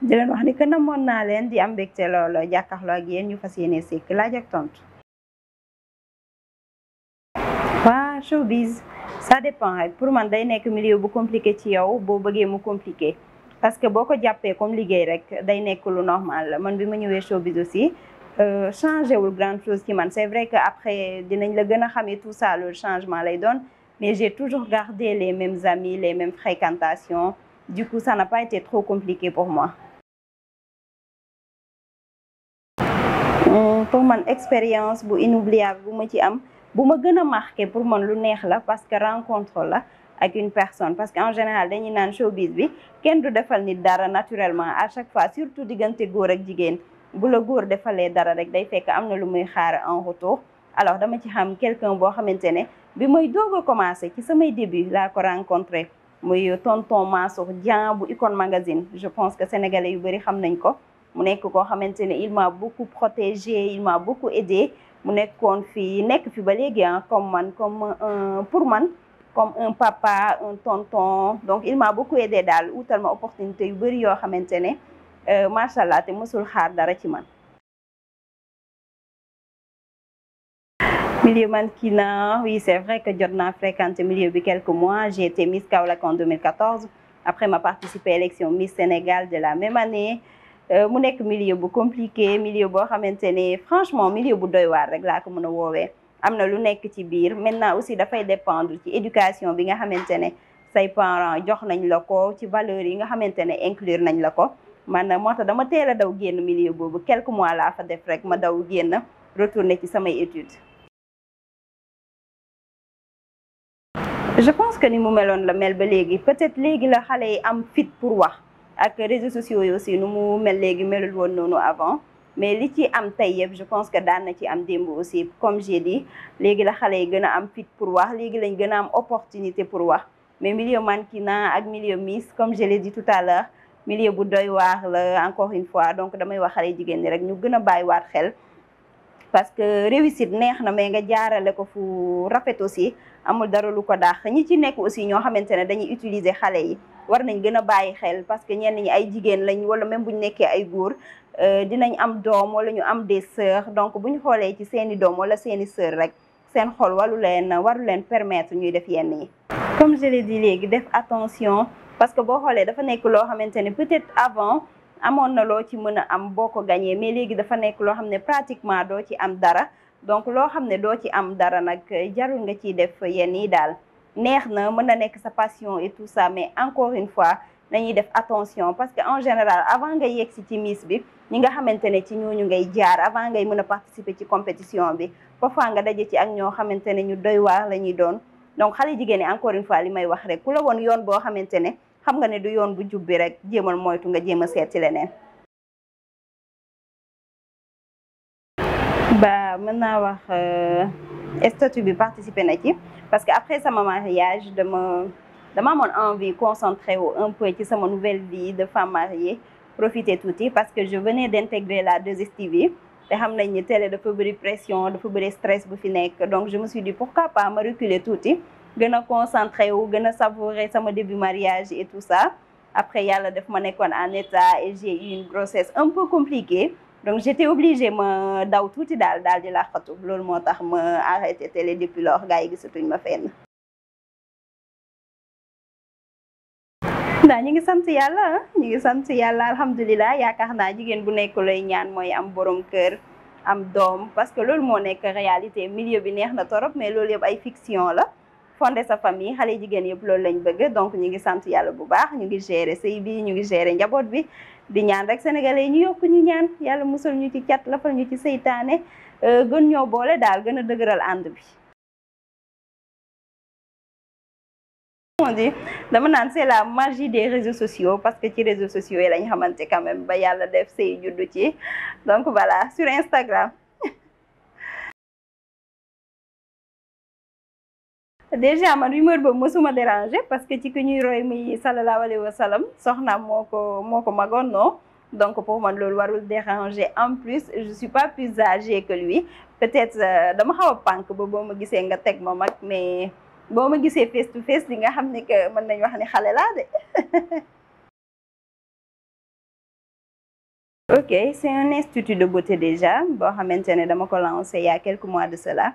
di leen wax ni que namoon naa leen di am mbégte loolu jàkkaarloo ak yéen ñu fas yéene sekk laaj ak tontu. waa showbiz ça dépend pour man day nekk milieu bu compliqué ci yow boo bëggee mu compliqué parce que boo ko jàppee comme liggéey rek day nekk lu normal man bi ma ñëwee showbiz aussi. euh, changé wul grande chose ci man c'est vrai que après dinañ la gën a xamee tout ça le changement lay doon mais j'ai toujours gardé les mêmes amis les mêmes fréquentations du coup ça n'a pas été trop compliqué pour moi Euh, pour mon expérience bu inoubliable bu ma ci am bu ma gëna marqué pour mon lu neex la parce que rencontre la avec une personne parce que en général dañuy naan showbiz bi kenn du defal nit dara naturellement à chaque fois surtout diganté góor ak jigen bu le góor defalee dara rek day fekk amna lu muy xaar en retour alors dama ci xam quelqu'un bo xamantene bi mooy doog commencer ci samay début la ko rencontré muy tonton Mansour Dieng bu Icon Magazine je pense que sénégalais yu bari xam nañ ko mu nekk il m'a beaucoup protégé il m'a beaucoup aidé mu m'a fi hein, comme man comme un pour man comme un papa un tonton donc il m'a beaucoup aidé dans wutal ma opportunité yu bëri yoo Masha'Allah, ne euh, macha te mësul dara ci man. Milieu oui, c'est vrai que Jordan fréquenté milieu depuis quelques mois. J'ai été Miss Kaolak en 2014. Après, m'a participé à l'élection Miss Sénégal de la même année. Euh, mu nekk milieu bu compliqué milieu boo xamante ne franchement milieu bu doy waar rek laa ko mën a woowee am na lu nekk ci biir maintenant aussi dafay dépendre ci éducation bi nga xamante ne say parents jox nañ la ko ci valeur yi nga xamante ne inclure nañ la ko man moo tax dama teel a daw génn milieu boobu quelques mois laa fa def rek ma daw génn retourner ci samay études je pense que ni mu meloon la mel ba léegi peut-être léegi la xale yi am fit pour wax ak réseaux sociaux aussi nous mu mel léegi melul avant mais li ci am tey je pense que daan na ci am démb aussi comme j'ai dit léegi la xale yi am fit pour wax les lañ gën am opportunité pour wax mais milieu mannequinat ak milieu Miss comme je l'ai dit tout à l'heure milieu bu doy la encore une fois donc damay wax xale jigéen ñi rek ñu gën a bàyyi xel parce que réussir neex na mais nga jaarale ko fu rafet aussi amul daralu ko dakh ñi ci nekk aussi ño xamantene dañuy utiliser xalé yi war nañ gën a bàyyi xel parce que ñenn ñi ay jigéen lañu wala même bu ñu nekkee ay góor euh, dinañ am doom wala ñu am des sœurs donc bu ñu xoolee ci seen i doom wala seeni i rek seen xool waru leen waru leen permettre ñuy def yenn yi. comme je l'ai dit léegi def attention parce que boo xoolee dafa nekk loo xamante ne peut-être avant amoon na loo ci mën a am boo ko gañee mais léegi dafa nekk loo xam ne pratiquement doo ci am dara donc loo xam ne doo ci am dara nag jarul nga ciy def yenn yi daal. neex na mën na nekk sa passion et tout ça mais encore une fois nañuy def attention parce que en général avant ngay yegg si ci Miss bi ñi nga xamante ne ci ñooñu ngay jaar avant ngay mën a participer ci compétition bi parfois nga daje ci ak ñoo xamante ne ñu doy waar la ñuy doon donc xale jigéen ñi encore une fois li may wax rek ku la woon yoon boo xamante ne xam nga ne du yoon bu jubbi rek jéemal moytu nga jéem a seeti leneen. ba mën naa wax. Est-ce que tu veux participer à ça? parce que après mon mariage de ma mon envie concentrer au un peu sur ma nouvelle vie de femme mariée profiter tout parce que je venais d'intégrer la 2STV Et xam de de de de stress donc je me suis dit pourquoi pas me reculer tout me concentrer concentré wu gën mon savourer mon début mariage et tout ça après il y a en état et j'ai eu une grossesse un peu compliquée Donc j'étais obligée ma daw touti dal dal di la loolu moo motax ma arrêté télé depuis lors gars yi gisatuñ ma fenn. Na ñi ngi sant Yalla ah. ñi ngi sant Yalla alhamdullilah yaakaar na jigen bu nekk lay ñaan moy am borom kër am dom parce que loolu mo nekk réalité milieu bi neex na torop mais yeb ay fiction la fondé sa famille xalé jigen yeb lañ bëgg donc ñi ngi sant Yalla bu baax ñi ngi gérer sey bi ñi ngi gérer njabot bi di ñaan rek sénégalais yi ñu yokk ñu ñaan yàlla musal ñu ci cat lafal ñu ci seytaane euh, gën ñoo boole daal gën a dëgëral ànd bi on dama naan c'est la magie de réseaux sociaux parce que ci réseaux sociaux yi lañ xamante quand ba yàlla def sëy juddu ci donc voilà sur Instagram déjà man rumeur boobu mosuma déranger parce que ci ki ñuy roy muy sallalahu alayhi wa sallam soxna moko moko moo non donc pour man loolu warul déranger en plus je suis pas plus âgée que lui peut-être euh, dama xaw pank bo ba boo ma gisee nga teg ma mak mais bo ma gisé face to face di nga xamné que mën nañ wax ni xalé la dé ok c'est un institut de beauté déjà boo xamante ne dama ko lancer il y a quelques mois de cela.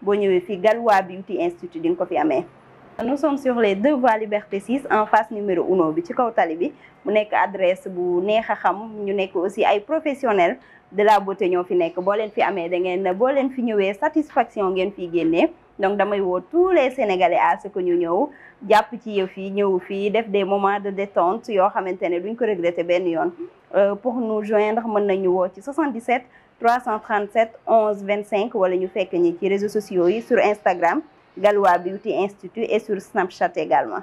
boo ñëwee fii Galwa Beauty Institute di nga ko fi amee. nous sommes sur les deux voies Liberté 6 en face numéro 1. bi ci kaw tali bi mu nekk adresse bu neex a xam ñu nekk aussi ay professionnels de la beauté ñoo fi nekk boo leen fi amee da ngeen boo leen fi ñëwee satisfaction ngeen fiy génnee. donc damay woo tous les sénégalais à ce que ñu ñëw jàpp ci yëf yi ñëw fii def des moments de détente yoo xamante ne duñ ko regretter benn yoon euh, pour nous joindre mën nañu woo ci 77. 337 11 25 wala ñu réseaux sociaux sur Instagram Galois Beauty Institute et sur Snapchat également